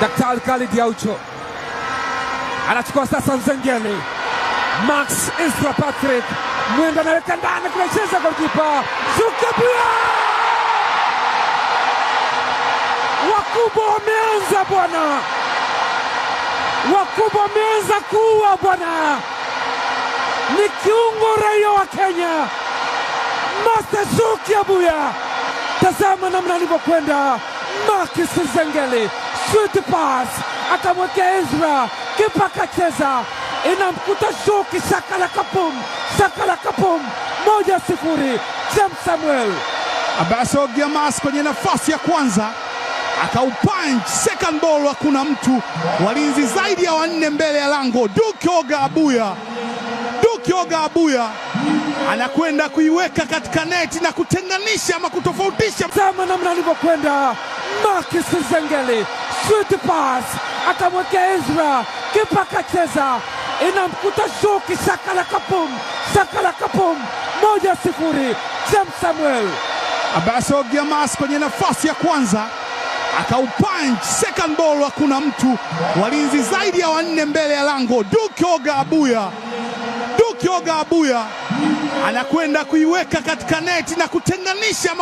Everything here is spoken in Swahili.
Daktari Khalid Aucho anachukua sasa Nzengeli, Max Isra Patrick mwenda analeta ndani, kunacheza golikipa Zukabia. Wakubwa wameanza bwana, wakubwa wameanza kuwa bwana. Ni kiungo raia wa Kenya Master Zuki tazama namna alivyokwenda Marcus Nzengeli shoot pass, akamwekea Ezra, kipa akacheza, inamkuta shuki, sakala kapum, sakala kapum, moja sifuri. James Samuel Abaso Giamas kwenye nafasi ya kwanza akaupunch second ball, hakuna mtu, walinzi zaidi ya wanne mbele ya lango. Dukioga Abuya, Dukioga Abuya anakwenda kuiweka katika neti na kutenganisha ama kutofautisha. Tazama namna alivyokwenda Marcus Zengeli shoot pass atamwekea Ezra, kipa akacheza, inamkuta Shuki, Saka la kapum, Saka la kapum, moja sifuri. James Samuel Abaso ah mas kwenye nafasi ya kwanza akaupunch second ball, hakuna mtu, walinzi zaidi ya wanne mbele ya lango. Dukioga Abuya, Dukioga Abuya anakwenda kuiweka katika neti na kutenganisha